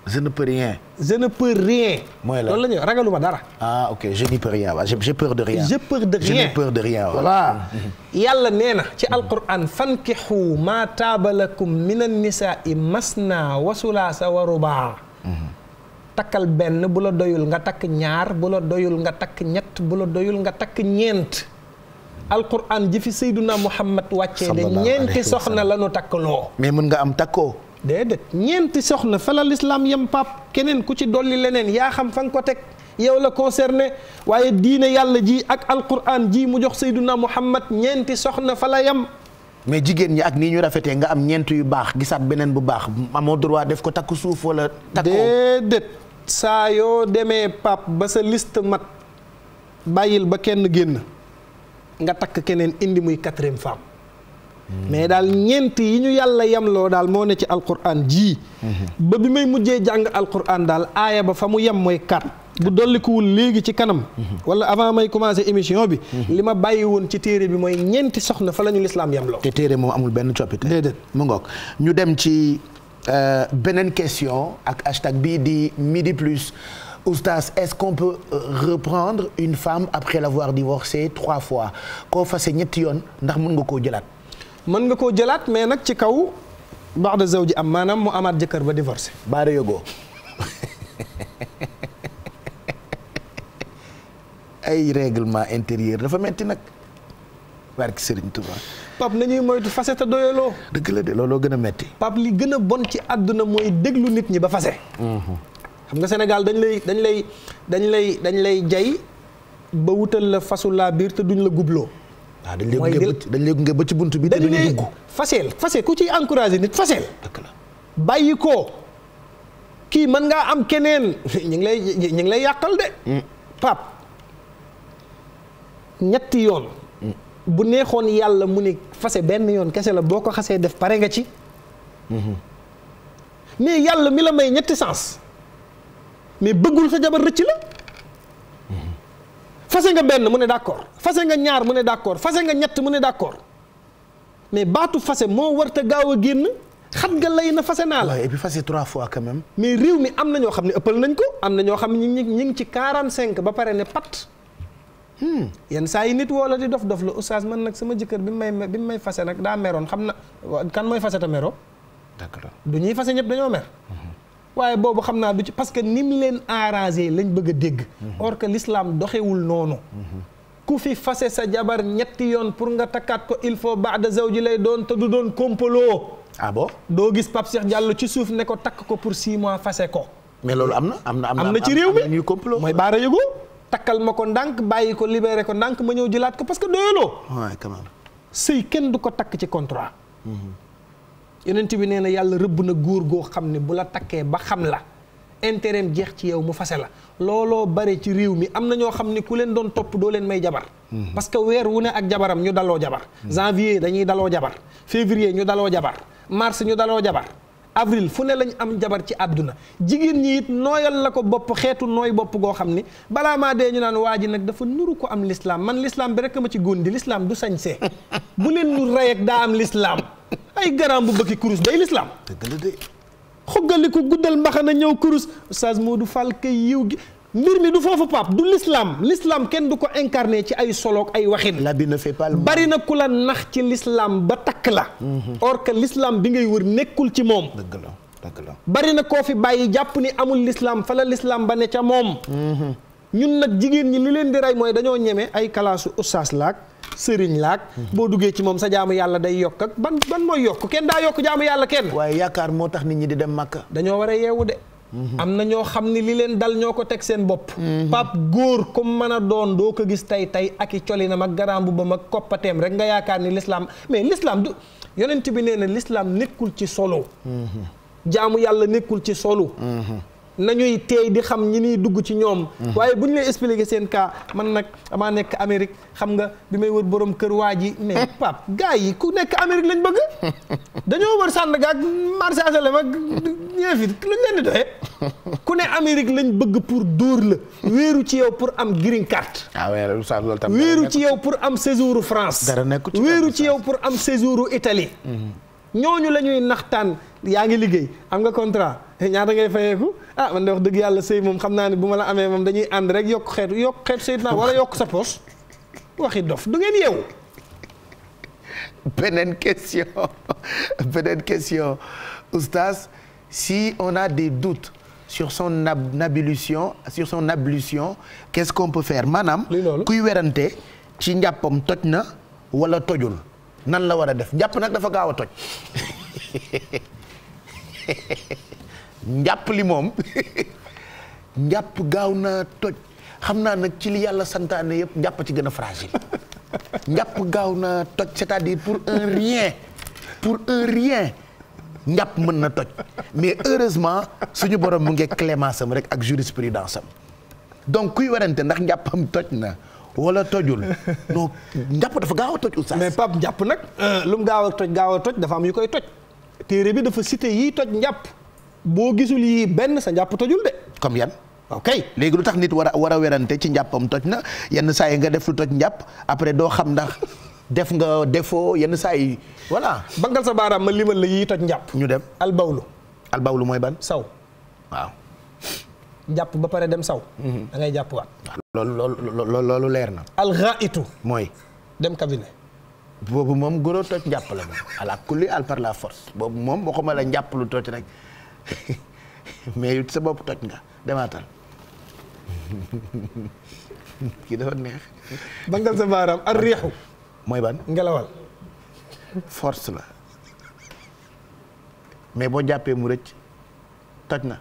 je ne peux rien. je ne peux rien. mooy la loolu la ñuy ragaluma dara. ah ok je n'y peux rien waaw j'ai peur de rien. je peur de rien je n'ai peur de rien voilà. yàlla nee na ci alquran fankixu maa taaba lakum mina nisaai masna wa sulaasa wa rubaa mhm. takkal benn bu la doyul nga takk ñaar bu la doyul nga takk ñett bu la doyul nga takk ñeent. alquran ji fi sayduna muhammad wàccee de ñeenti soxna la ñu takk loo. mais mën nga am takkoo. déedéet ñeenti soxna fa la lislaam yem pap keneen ku ci dolli leneen yaa xam fa nga ko teg yow la concerné waaye diine yàlla ji ak alquran jii mu jox sayduna muhammad ñeenti soxna fa la yem mais jigéen ñi ak nii ñu rafetee nga am ñeent yu baax gisaat beneen bu baax amoo droit def ko takk suuf wala takkoo déedéet saa yoo demee pap ba sa liste mat bàyyil ba kenn génn nga takk keneen indi muy quatrième femme mais daal ñeent yi ñu yàlla loo daal moo ne ci alquran jii ba bi may mujjee jàng alquran daal aaya ba fa mu yem mooy kat bu dollikuwul léegi ci kanam. wala avant may commencer émission bi. li ma bàyyi woon ci téere bi mooy ñeenti soxna fa la ñu lislaam yemloo. te téere moom amul benn coppite. mu ngoog ñu dem ci euh, beneen question ak hashtag bii di midi plus. Oustaz est-ce qu'on peut euh, reprendre une femme après l'avoir divorcée trois fois koo fase ñetti yoon ndax mën nga koo jëlaat. mën nga koo jëlaat mais nag ci kaw baax de ji am maanaam mu amaat jëkkër ba divorcé baara yógoo ay réglement intérieur dafa metti nag barki Serigne Touba Pape nañuy moytu fase te doyaloo dëgg la de looloo gën a metti Pape li gën a bon ci àdduna mooy déglu nit ñi ba fase mhm. xam nga Sénégal dañ lay dañ lay dañ lay dañ lay jay ba wutal la fasu laa biir te duñ la gubloo waaw ah, dañ léegi nga ba ci bunt bi dañu dugg faseel faseel ku ciy encouragé nit faseel dëgg la bàyyi ko kii mën ngaa am keneen ñu ngi lay ñu ngi lay yàqal de mm. pap ñetti yoon mm. bu neexoon yàlla mu ne fase benn yoon kese la boo ko xasee def pare nga ci mm-hmm. mais yàlla mi la may ñetti sens mais bëggul sa jabar rëcc la fase nga benn mu ne d'accord fase nga ñaar mu ne d'accord fase nga ñett mu ne d'accord mais baatu fase moo war a gaaw a génn xat nga lay na fase naa la. waaw et puis fase fois quand même. mais réew mi am na ñoo xam ne ëppal nañ ko am na ñoo xam ne ñu ngi ci 45 ba pare ne pat. Hmm. yenn saa yi nit woo la di dof dof la oustaz man nag sama jëkkër bi mu may bi mu may fase nag daa meroon xam na kan mooy fase ta mero. d'accord du ñuy fase ñëpp dañoo mer. Hmm. waaye boobu xam naa du ci parce que ni leen arrangé lañ bëgg a dégg mhm. or que l'islam doxewul noonu mhm. ku fi fase sa jabar ñetti yoon pour nga takkaat ko il faut de baada ji lay doon te du doon kompaloo ah doo gis Pape Cheikh Diallo ci suuf ne ko takk ko pour six mois fase ko mais loolu am na am na am na ci réew mi ñuy complot mooy baara yëgu takkal ma ko ndànk bàyyi ko libéré ko ndànk ma ñëw jëlaat ko parce que doyaloo waaw quand même sëy kenn du ko takk ci contrat mhm. yonent bi nee na yàlla rëbb na góor goo xam ne bu la takkee ba xam la intérêt jeex ci yow mu fase la looloo bare ci réew mi am na ñoo xam ne ku leen doon topp doo leen may jabar hmm. parce que weer wu ne ak jabaram ñu daloo jabar hmm. janvier dañuy daloo jabar février ñu daloo jabar mars ñu daloo jabar avril fu ne lañu am jabar ci àdduna jigéen ñi it nooyal la ko bopp xeetu nooy bopp goo xam ni balaa maa dee ñu naan waa ji nag dafa nuru ko am lislaam man lislaam bi rekk ma ci góon di lislaam du sañsee bu leen nu rey ak daa am lislaam ay garaam bu bëkki kurus day lislaam dëgg la de xoggali guddal mbaxana ñëw kurus Oustaz Modou Fall kay yiw gi mbir mi du foofu pap du lislaam l'islam kenn du ko incarné ci ay soloog ay waxin bari na ku la nax ci l'islam ba takk la mhm. or que l'islam bi ngay wër nekkul ci moom dëgg la bari na koo fi bàyyi jàpp ni amul l'islam fa la l'islam ba ne ca moom mhm. ñun nag jigéen ñi li leen di rey mooy dañoo ñeme ay kalaasu ustaas laak sëriñ laak mhm. boo duggee ci moom sa jaamu yàlla day yokk ak ban ban mooy yokk kenn daa yokk jaamu yàlla kenn waaye yaakaar moo tax nit ñi di dem màkka dañoo war a yeewu de am na ñoo xam ne li leen dal ñoo ko teg seen bopp pap góor comme mën a doon doo ko gis tey tey ak i colinam ak garambu ba mag koppateem rek nga yaakaar ni l'islam mais l'islam du yonent bi nee na l'islam nekkul ci solo mm-hmm. jaamu yàlla nekkul ci solo mm-hmm. nañuy teey di xam ñi niy dugg ci ñoom mhm. waaye bu ñu lay expliquer seen cas man nag damaa nekk Amérique xam nga bi may wër borom kër waa ji mais pap gars yi ku nekk Amérique lañ bëgg dañoo wër Sandaga ak marché asalem ak ñee fi luñ leen ku ne Amérique lañ bëgg pour dóor la wéeru ci yow pour am green card ah wéeru ci yow pour am séjouru France wéeru ci yow pour am séjouru Italie mhm. ñooñu la ñuy naxtaan yaa ngi liggéey am nga contrat eh, ñaata ngay fayeeku ah man de wax dëgg yàlla sëy moom xam naa ne bu ma la amee moom dañuy ànd rek yokk xeetu yokk xeetu sëy naa wala yokk sa poche waxi dof du ngeen yeewu. beneen question beneen si on a des doutes sur son ab ablution sur son ablution qu'est-ce qu'on peut faire maanaam. kuy werante ci njàppam toj na wala tojul nan la war a def njàpp nag dafa gaaw a toj. njàpp li moom njàpp gaaw naa toj xam naa nag ci li yàlla santaane yëpp njàpp ci gën a fragile njàpp gaaw naa toj cest à pour un rien pour un rien njàpp mën na toj mais heureusement suñu borom mu ngi clémence am rek ak jurisprudence am donc kuy werante ndax njàppam toj na wala tojul non njàpp dafa gaaw a toj oustaz mais Pape njàpp nag euh, lu mu gaaw a toj gaaw a toj dafa am yu koy toj téere bi dafa cité yiy toj njàpp boo gisul yii benn sa njàpp tojul de. comme yan. ok léegi lu tax nit war a war a werante ci njàppam toj na yenn saa yi nga def lu toj njàpp après doo xam ndax def nga defoo yenn saa yi voilà. bangal sa baaraam ma la yii toj njàpp. ñu dem albawlu. albawlu mooy ban. saw jàpp ba pare dem saw. Mhm. ngay jàpp waat. leer na. alxaitu. mooy. dem cabinet. boobu moom góor a toj njàpp la moom. ala kulli al par la force. boobu moom waxuma la njàpp lu toj rek. mais sa bopp toj nga demaatal kii dafa neex. bangal sa baaraam ar riixu. mooy ban ngelawal. force la mais boo jàppee mu rëcc toj na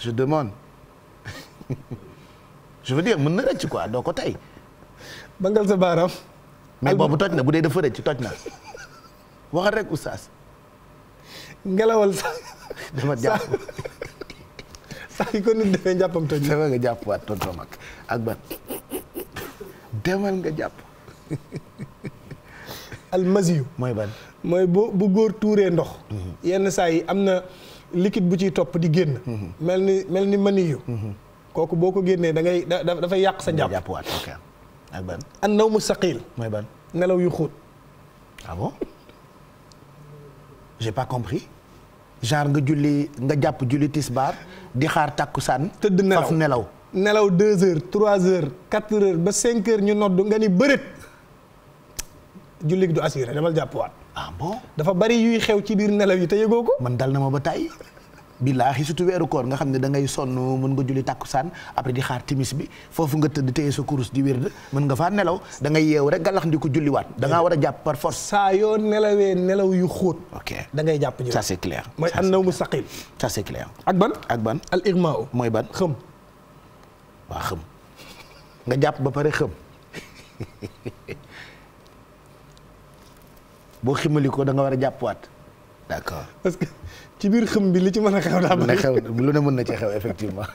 je demande je veux mën na rëcc quoi doo ko tey. bangal sa baaraam. mais boobu toj na bu dee dafa rëcc toj na waxal rek oustaz. ngelawal sax. dama jàpp sax yi ko nit defee nga jàpp waat tonton mag ak ban demal nga jàpp. almasiyu mooy ban mooy bu bu góor tuuree ndox. Mhm. yenn saa yi am na liquide bu ciy topp di génn. Mhm. mel ni mel ni maniyu mhm. kooku boo ko génnee da ngay dafay yàq sa njàpp. jàpp waat ak ban. an mu saqiil. mooy ban nelaw yu xóot. Ah j'ai pas compris genre nga julli nga jàpp julli tisbaar di xaar tàkkusaan tëdd nelaw faf nelaw nelaw deux heures trois heures quatre heures ba cinq heures ñu noddu nga ni bërit jullig du assuré damal jàppuwaat ah dafa bari yuy xew ci biir nelaw yi te yëgoo ko man dal na ma ba tàyyi billaahi surtout weeru koor nga xam ne da ngay sonn mën nga julli tàkkusaan après di xaar timis bi foofu nga tëdd téye sa kurus di wér mën nga faa nelaw da ngay yeew rek gàllax ndi ko julliwaat da war a jàpp par force saa yoo nelawee nelaw yu xóot ok da ngay jàpp ñu ça c'est mooy an naw mu saqil ça c'est ak ban ak ban al irma mooy ban xëm nga jàpp ba pare xëm boo ximali ko da war a jàppuwaat d'accord parce ci biir xëm bi li ci mën a xew daa bëri xew lu ne mën na ci xew effectivement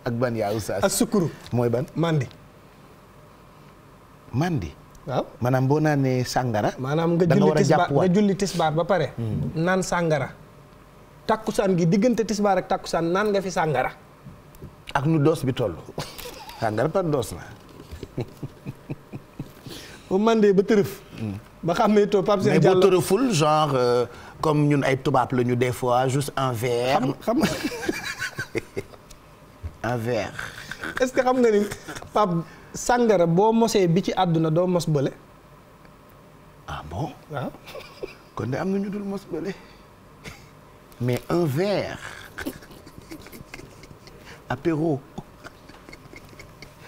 ak ban yaa oustaz ak sukuru mooy ban mandi mandi waaw maanaam boo naanee sàngara maanaam nga julli tisbaar nga julli tisbaar ba pare hmm. naan sàngara tàkkusaan gi diggante tisbaar ak tàkkusaan naan nga fi sàngara ak nu doos bi toll sàngara par doos la bu mandee ba tërëf hmm. ba xàmmee too Pape Cheikh Diallo mais bu tërëful genre euh, comme ñun ay tubaab la ñu des fois juste un verre. xam xam un est-ce que xam nga ni Pape sangara boo mosee bi ci àdduna doo mos bële. ah bon waaw. kon de am na ñu dul mos bële. mais un verre apéro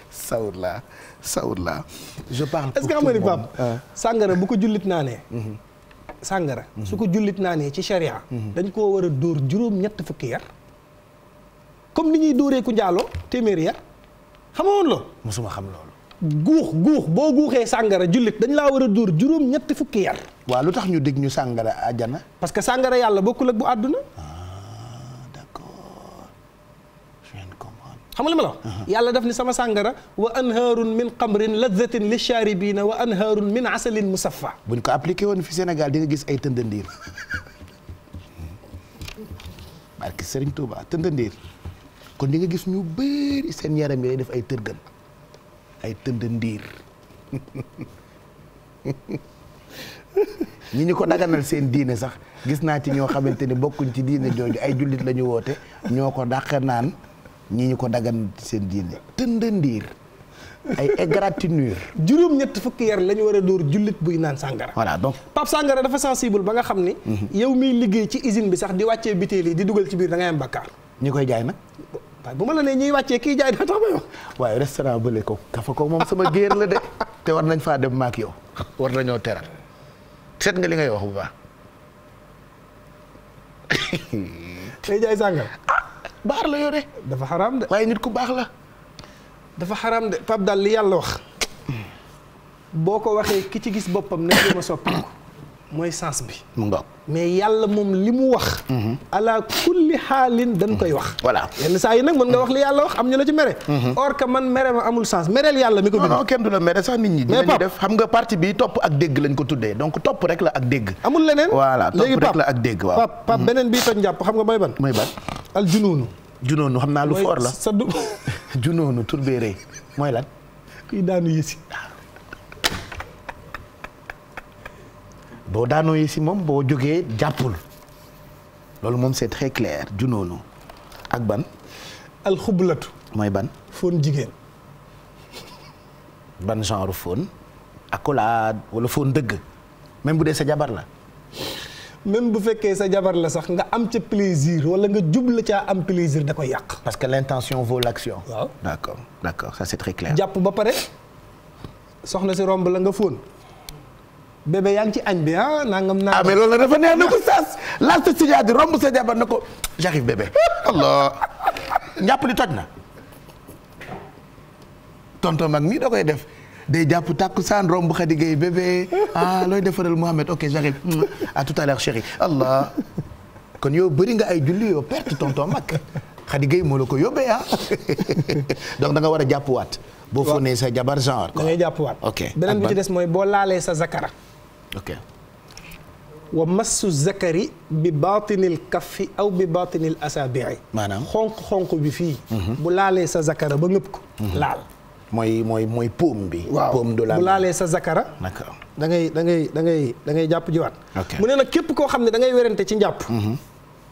sawur laa sawur laa je parle est-ce que xam nga ni Pape sàngara bu ko jullit naanee mhm. sàngara mhm. su ko jullit naa naanee ci charia mhm. dañ koo war a dóor juróom ñett fukki yar comme ni ñuy dóoree ku njaaloo téeméeri yar xamoon loolu xam loolu guux guux boo guuxee sàngara jullit dañ laa war a dóor juróom ñetti fukki yar waaw lu tax ñu dig ñu sàngara àjjana parce que sàngara yàlla bokk ak bu àdduna ah. xam nga li ma la wax yàlla daf ni sama sàngara wa anhaarun min xamrin lazatin li shaaribiina wa anhaarun min asalin musaffa buñ ko appliqué woon fi Sénégal dinga nga gis ay tëndandiir barke Serigne kon di nga gis ñu seen yaram yi def ay tërgën ay tëndandiir ñi ñu ko daganal seen diine sax gis naa ci ñoo xamante ni bokkuñ ci diine jooju ay jullit la ñu woote ñoo ko dàq naan ñii ñu ko dagan seen diine tëndandiir ay égratignure juróom-ñett fukk yar la ñu war a dóor jullit buy naan sàngara voilà donc Pape Sàngara dafa sensible ba nga xam ni mhm. yow miy liggéey ci usine bi sax di wàccee bitéel yi di dugal ci biir da ngay am bakkaar ñi koy jaay nag waaye bu ma la nee ñuy wàccee kii jaay dafa tax ma yow waaye restaurant bële ko kafa ko moom sama géer la de te war nañ faa dem maak yow war nañoo teral seet nga li ngay wax bu baax day baar la yore. dafa xaram de. waaye nit ku baax la. dafa xaraam de Pape daal li yàlla wax boo ko waxee ki ci gis boppam na jéem mooy sens bi. mu ngoog mais yàlla moom li mu wax. Mhm. ala kulli xaalin dañ koy wax. voilà yenn saa yi nag mën nga wax li yàlla wax am ñu la ci mere. Mhm. or que man mere ma amul sens mereel yàlla mi ko. bind non kenn sax nit ñi. dinañu def xam nga parti bi topp ak dégg lañ ko tuddee donc topp rek la ak dégg. amul leneen voilà topp rek la ak dégg waaw. pap pap mhm. beneen bii toj njàpp xam nga mooy ban. mooy ban al junoonu. junoonu xam naa lu foor la mooy sa du. junoonu tur bee rëy mooy lan. kuy daanu yësi. boo daanoo yi si moom boo jógee jàppul loolu moom c'est très clair ju ak ban. alxublatu. mooy ban. foon jigéen. ban genre foon accolade wala foon dëgg. même bu dee sa jabar la. même bu fekkee sa jabar la sax nga am ca plaisir wala nga jub la ca am plaisir da koy yàq. parce que l'intention vaut l'action. waaw d'accord jàpp ba pare soxna si romb la nga foon bébé yaa ngi ci añ bi ah nangam nangam. ah mais loolu dafa neex na ko saas laaj sa sijaat di romb sa jabar na ko j'arrive bébé allah njàpp li toj na tonton mag mii da koy def day jàpp tàkkusaan romb Khady Gueye bébé ah looy defaral Mouhamed ok j'arrive mm. à tout à l'heure chérie allah kon yow bëri nga ay julli yoo perte tonton mag Khady Gueye moo la ko yóbbee ah donc da nga war a jàppuwaat. boo fóonee sa jabar genre quoi da ngay jàppuwaat. ok beneen bi ci des mooy boo laalee sa zakara. ok. wa massu zakari bi baatinil kaffi aw bi baatinil asaabi'i. maanaam xonq-xonq bi fii. Mhm. bu laalee sa zakara ba ngëpp ko. Mhm. laal mooy mooy mooy paume bi. waaw paume du la bu laalee sa zakara. d'accord da ngay da ngay da ngay da ngay jàpp jiwaat. ok mu ne nag képp koo xam ne da ngay werante ci njàpp. Mhm.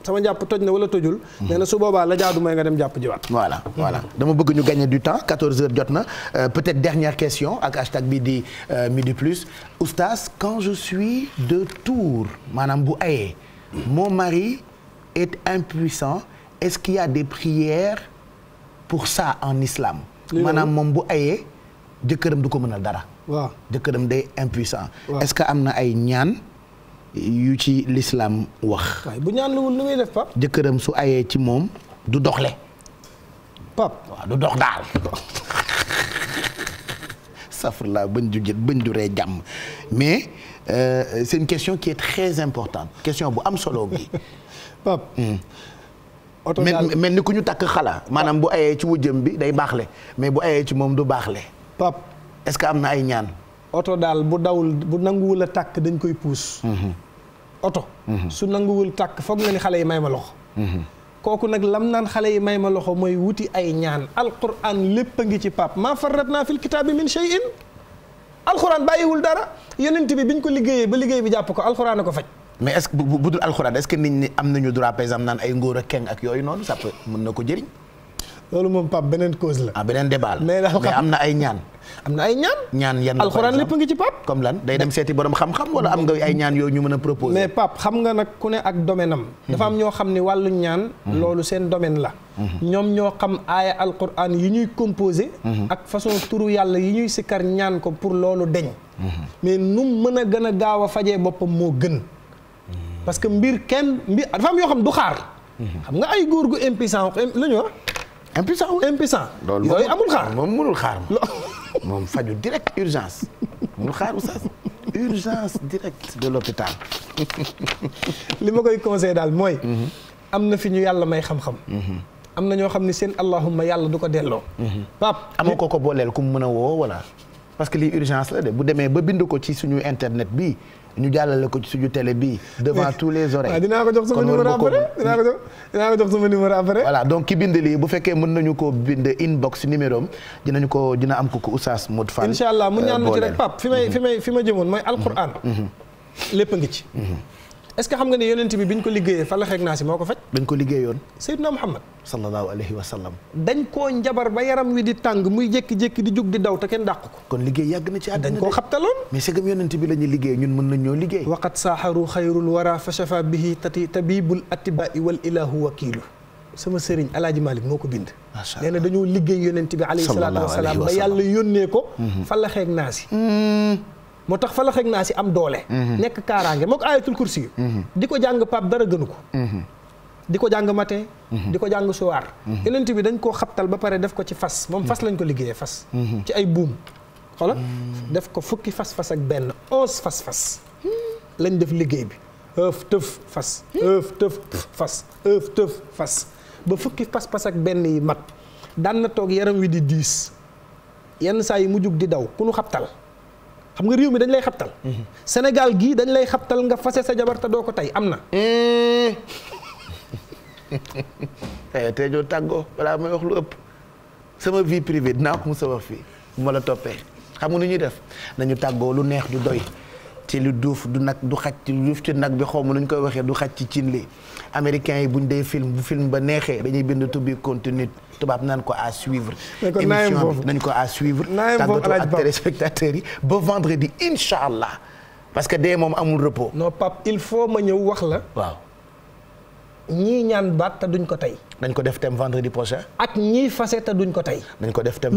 sama jàpp toj na wala tojul mhm. nee na su boobaa la jaadu mooy nga dem jàpp jiwaat voilà mhm. voilà dama bëgg ñu gagner du temps 14 heures jot na euh, peut-être dernière question ak hashtag bi di euh, midi plus oustaz quand je suis de tour maanaam bu ayee mon mari est impuissant est-ce qu'il y des prières pour ça en islam maanaam moom bu ayee jëkkëram du ko mënal dara waaw jëkkëram day impuissant est-ce que am na ay ñaan yu ci lislaam wax. waaye bu ñaanluwul lu muy def pap jëkkëram su ayee ci moom du doxle. pap waaw du dox daal. safrla bañ du jët bañ du ree jàmm mais euh, c'est question qui est très importante question bu am solo bi. pap hmm. mel ni ku ñu takk xala maanaam bu ayee ci wujjëm bi day baax le mais bu ayee ci moom du baax le pap est-ce que am na ay ñaan. oto daal bu dawul bu nanguwul a takk dañ koy puus. Hmm. oto mhm. su nanguwul tàkk foog nga ni xale yi may ma loxo mhm. kooku nag lam naan xale yi may ma loxo mooy wuti ay ñaan al lépp a ngi ci pap maa farrat naa fil kitaabi min shay'in alquran bàyyiwul dara yonent bi biñ ko liggéeyee ba liggéey bi jàpp ko alquran a ko faj mais est-ce bu dul alxuraan est-ce nit ñi am nañu droit par exemple naan ay ngóor a keng ak yooyu noonu ça peut mën na ko jëriñ loolu moom Pape beneen cause la. Ah, beneen débat la mais daal am na ay ñaan. am na ay ñaan. ñaan yan alxuraan lépp ngi ci Pape. comme lan day dem seeti borom xam wala am nga ay ñaan yooyu ñu mën a proposer. mais Pape xam nga nag ku ne ak domaine am. Mhm. dafa am ñoo xam ne wàllu ñaan. Mhm. loolu seen domaine la. Mhm. ñoom ñoo xam aaya alxuraan yi ñuy composé. ak façon turu yàlla yi ñuy sikkar ñaan ko pour loolu deñ mais nu mën a gën a gaaw a fajee boppam moo gën. parce que mbir kenn mbir dafa yoo xam du xaar. xam nga ay góor gu impuissant la ñu impuissant wu impuissant. loolu yooyu amul xaar moom mënul xaar moom faju direct urgence mënul xaar oustaz urgence direct de l'hôpital li ma koy conseillé daal mooy. Mhm. am na fi ñu yàlla may xam-xam. Mhm. am na ñoo xam ne seen allahumma yàlla du ko delloo. Mhm. Pape amoo ko ko ku mu mën a woo wala. parce que lii urgence la de bu demee ba bind ko ci suñu internet bi ñu jàllale ko ci suñu télé bi devant tous les oreilles. dina dinaa ko jox sama numéro après dinaa ko donc ki bind lii bu fekkee mën nañu ko bind inbox numéro am dinañu ko dina am ko ko Oustaz Modou Fall. incha allah mu ñaan ma ci euh, rek Pape fi may mhm. fi may jëmoon mooy alquran. Mhm. lépp a ngi ci. Mhm. est-ce que xam nga ne yonent bi biñ ko liggéeyee fa la moo ko faj dañ ko liggéeyoon Seydina Muhammad sallallahu alayhi wa sallam dañ koo njabar ba yaram wi di tàng muy jékki-jékki di jug di daw te kenn dàq ko kon liggéey yàgg na ci àddina dañ koo xabtaloon mais segam yonent bi la ñuy liggéey ñun mën nañ ñoo liggéey waqat saaxaru xayrul wara fa shafa bihi tati tabibul attibai wal ilahu wakiilu sama sëriñ alaaji Malick moo ko bind nee na dañoo liggéey yonent bi alayhi salaatu wasalaam ba moo tax falax ak naa si am doole. Mhm. nekk kaaraange moo ko aayatul kursi mhm. di ko jàng pap dara gënu ko. Mhm. di ko jàng mate di ko jàng soir. yonent bi dañ koo xabtal ba pare def ko ci fas moom fas lañ ko liggéeyee fas. ci ay buum xoola def ko fukki fas-fas ak benn onze fas-fas. lañ def liggéey bi. ëf fas ba fukki fas-fas ak benn yi mat daan na toog yaram wi di diis yenn saa yi mu jug di daw ku nu xabtal xam nga réew mi dañ lay xabtal. Mhm. Sénégal gii dañ lay xabtal nga fase sa jabar doo ko tey am na. Eh. Eh, tey joo tàggoo balaa may wax lu ëpp sama vie privée dinaa ko mu a fii bu ma la toppee xam nga nu ñuy def nañu tàggoo lu neex du doy. ci lu duuf du nag du xaj ci lu duuf ci nag bi xaw ma nu ñu koy waxee du xaj ci cin li américains yi buñ dee film bu film ba neexee dañuy bind to be continued tubaab naan ko à suivre émission nañ ko à suivre tàggatoo ak téléspectateurs yi ba vendredi incha allah parce que dee moom amul repos non Pape il faut ma ñëw wax la waaw ñii ñaan baat te duñ ko tey nañ ko def thème vendredi prochain ak ñii fase te duñ ko tey nañ ko def thème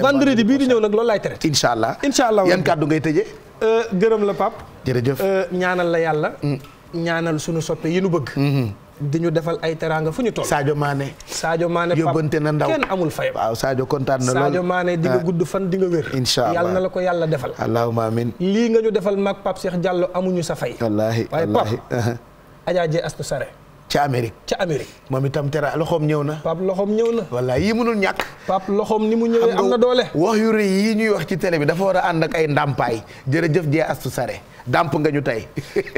vendredi bii di ñëw nag loolu laay traité incha allah yan kàddu ngay tëjee Euh, gërëm la Pape. jërëjëf euh, ñaanal la yàlla. Mm. ñaanal sunu soppe yi nu bëgg. Mm-hmm. di ñu defal ay teraanga fu ñu toll. saajo Mané. Sadio maane yóbbante na ndaw kenn amul fay. waaw Sadio kontaan na lool Sadio Mané di ah. gudd fan di nga yàlla la ko yàlla defal. allahumma amin lii nga ñu defal maag Pape Cheikh Diallo amuñu sa fay. wallaahi wallaahi waaye Pape. Adja Dieng Sare. ca Amérique ca Amérique moom itam tera loxoom ñëw na Pape loxoom ñëw na voilà yii mënul ñàkk Pape loxoom ni mu ñëwee am na doole wax yu rëy yii ñuy wax ci tele bi dafa war a ànd ak ay ndàmpaay jërëjëf jee astu sare ndàmp tey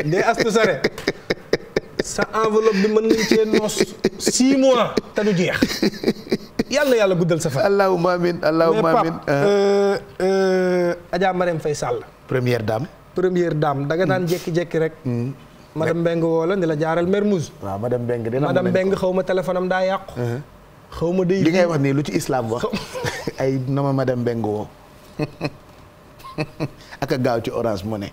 jee astu sare sa enveloppe bi mën jeex yàlla na yàlla guddal sa fan allahumma amin allahumma amin ah. euh, euh, Adja Marème Faye première dame première dame da daan mm. jekki-jekki rek mm. madame Mbengue woo la ni la jaaral Mermoz. waaw madame Mbengue dina madame Mbengue xaw ma téléphone am daa yàqu. Uh-huh. xaw ma day li ngay wax nii lu ci islam wax ay na ma madame Mbengue woo ak a gaaw ci orange mu ne.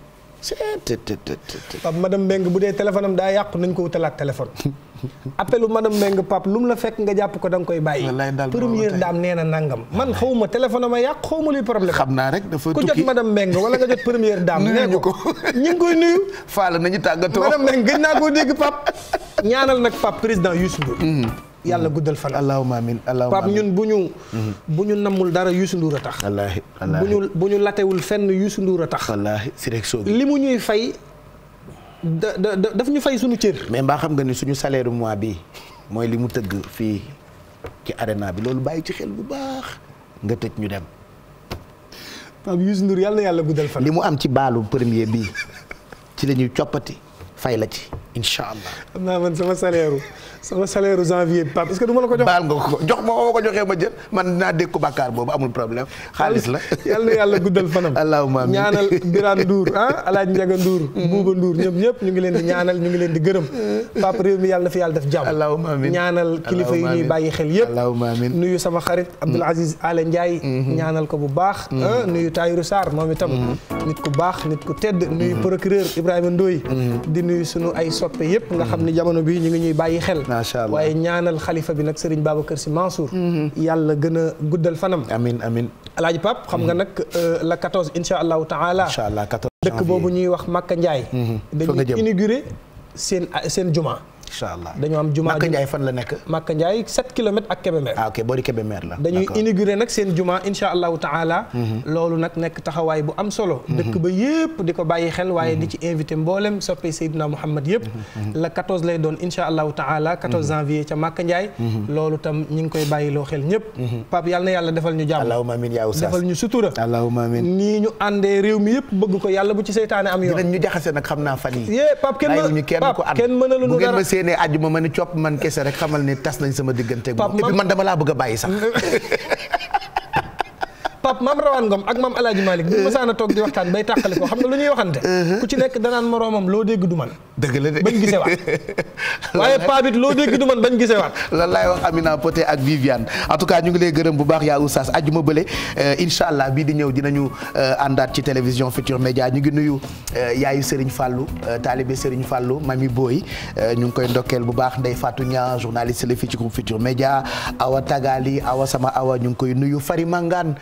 c'est tout tout tout. Pape madame Mbengue bu dee téléphone am daa yàqu nañ ko wutalaat téléphone. appelu madame Mbengue Pape lu mu la fekk nga jàpp ko da nga koy bàyyi. première dame nee na nangam. man xaw ma téléphone ma yàq xaw ma luy problème. xam naa rek dafa tukki ku jot madame Mbengue wala nga jot première dame. nee ko ñu ngi koy nuyu. faal nañu tàggatoo madame Mbengue naa koo dégg Pape. ñaanal nag Pape président Youssou Ndour. Mm-hmm. yàlla guddal fan. allahumma amiin allahumma amiin Pape ñun bu ñu. Mm-hmm. bu ñu nammul dara Youssou Ndour a tax. wallaahi wallaahi bu ñu ñu latewul fenn Youssou Ndour a tax. wallaahi si rek soobu. li mu ñuy fay da daf ñu fay suñu cër. mais mbaa xam nga ni suñu saleeru mois bi mooy li mu tëgg fii ci arena bi loolu bàyyi ci xel bu baax nga tëj ñu dem. Pape Youssou Ndour yàlla yàlla guddal fan. li mu am ci baalu premier bi ci la coppati fay la ci. incha allah xam naa man sama salaire sama salaire janvier Pape est-ce que du la ko jox. baal jox ma ma ko joxee ma jël boobu amul problème xaalis la. yàlla na yàlla guddal fanam. allahumma amiin ñaanal Birane Ndour ah El Hadj Ndiaga Ndour. Mm. Bouba ñëpp ñu ngi leen di ñaanal ñu ngi leen di gërëm. Pape yàlla yàlla def jàmm. allahumma amiin ñaanal kilifa yi ñuy bàyyi yëpp. allahumma amiin nuyu sama xarit Abdoul mm. Aziz Ala Ndiaye. Mm-hmm. ñaanal ko bu baax. Ah, mm-hmm. nuyu Tahirou Sarr moom itam. Mm-hmm. nit ku baax nit ku tedd nuyu procureur Ibrahima Ndoye di nuyu sunu ay soppe yëpp nga xam ni jamono bi ñu ngi ñuy bàyyi xel waaye ñaanal xalifa bi nag Serigne Babacar Sy Mansour mm-hmm. yàlla gën a guddal fanam amin amin alaaji Pape xam nga mm-hmm. nag euh, la 14 insha allahu taala dëkk boobu ñuy wax Makka Ndiaye mm-hmm. dañuy inauguré seen seen incha am jumaa Màkka Ndiaye fan la nekk. Màkka Ndiaye 7 kilomètres ak Kébémer. ah ok boori Kébémer la. dañuy inauguré nag seen jumaa incha allahu taala. Mhm. loolu nag nekk taxawaay bu am solo. Mhm. dëkk ba yépp di ko bàyyi xel waaye di mhm. ci invité mboolem soppee Seydina Mouhamed yëpp. la 14 lay doon incha allahu taala 14 janvier ca Màkka Ndiaye. loolu tam ñu ngi koy bàyyiloo xel ñëpp. Pape yal yàlla defal ñu jàmm. defal ñu sutura. nii ñu àndee réew mi yëpp bëgg ko ne àjjuma ma ni copp man kese rek xamal ni tas nañ sama diggante ak moom man dama laa bëgg a bàyyi sax Pape maam Rawaan Ngom ak maam El Hadj Malick bu eh. a toog di waxtaan bay tàqali ko xam na lu ñuy waxante. Eh. ku ci nekk danaan moroomam loo dégg du man. dëgg la de bañ gisee waat waaye Pape loo dégg du man bañ gisee waat. lan laay wax Amina Poté ak Viviane en tout ñu ngi lay gërëm bu baax yaa oustaz àjjuma bële eh, incha allah bii di ñëw dinañu àndaat ci télévision Futur Média ñu ngi nuyu yaayu Serigne Fallou taalibe Serigne Fallou mami Boy ñu ngi koy ndokkeel bu baax Ndeye Fatou Niang journaliste la fii ci groupe Futur Média Awa Tagali Awa sama Awa ngi koy nuyu Fari Mangane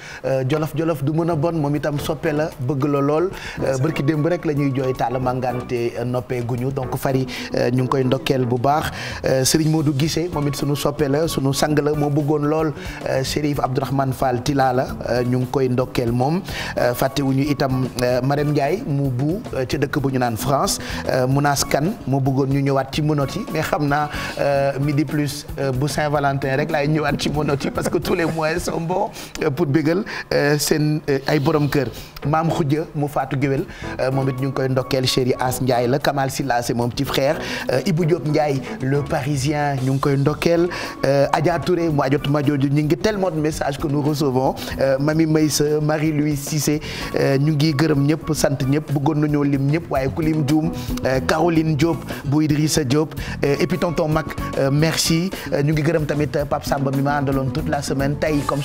jolof jolof du mën a bon moom itam soppe la bëgg la lool euh, bërki démb rek la ñuy jooy taal màngante euh, noppee guñu donc fari euh, ñu ngi koy ndokkeel bu baax sëriñ Modou Guissé moom it suñu soppe la suñu sang la moo bëggoon lool Chérif Abdourahmane Fall Tila la ñu ngi koy ndokkeel moom fàttewuñu itam Marème Ndiaye mu bu ca dëkk bu ñu naan France Mounas Kan moo bëggoon ñu ñëwaat ci monot yi xam naa midi plus bu Saint-Valentin rek laay ñëwaat ci monot yi parce que tous les moyens pour bégal Euh, seen euh, ay borom kër maam Khoudia mu faatu géwel euh, moom it ñu ngi koy ndokkeel chéri As Ndiaye la Kamal si c'est mon petit frère Ibou Diop Ndiaye le parisien ñu ngi koy ndokkeel Adja Touré mu ajotuma jooju ñu ngi tellement de messages que nous recevons Mami Maysa Marie-Louise Cissé ñu ngi gërëm ñëpp sant ñëpp bëggoon nañoo lim ñëpp waaye ku lim juum Caroline Diop bu Idrissa Diop et puis tonton Mac merci ñu ngi gërëm tamit Pape Samba mi ma àndaloon toute la semaine tey comme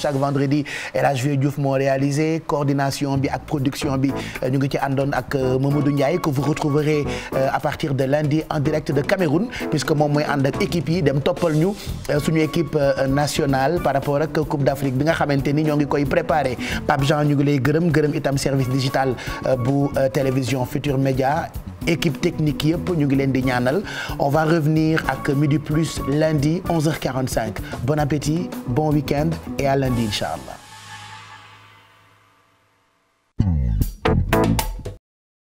Diouf moo réalisé coordination bi ak production bi ñu ngi ci àndoon ak euh, du Ndiaye que vous retrouverez euh, à partir de lundi en direct de Cameroun puisque moom mooy ànd ak équipe yi dem toppal ñu euh, suñu équipe nationale par rapport ak Coupe d'Afrique bi nga xamante ni ñoo ngi koy préparé Pape Jean ñu ngi lay gërëm gërëm itam service digital bu télévision Futur Média équipe technique yëpp ñu ngi leen di ñaanal on va revenir ak Midi Plus lundi 11h45 bon appétit bon week-end et à lundi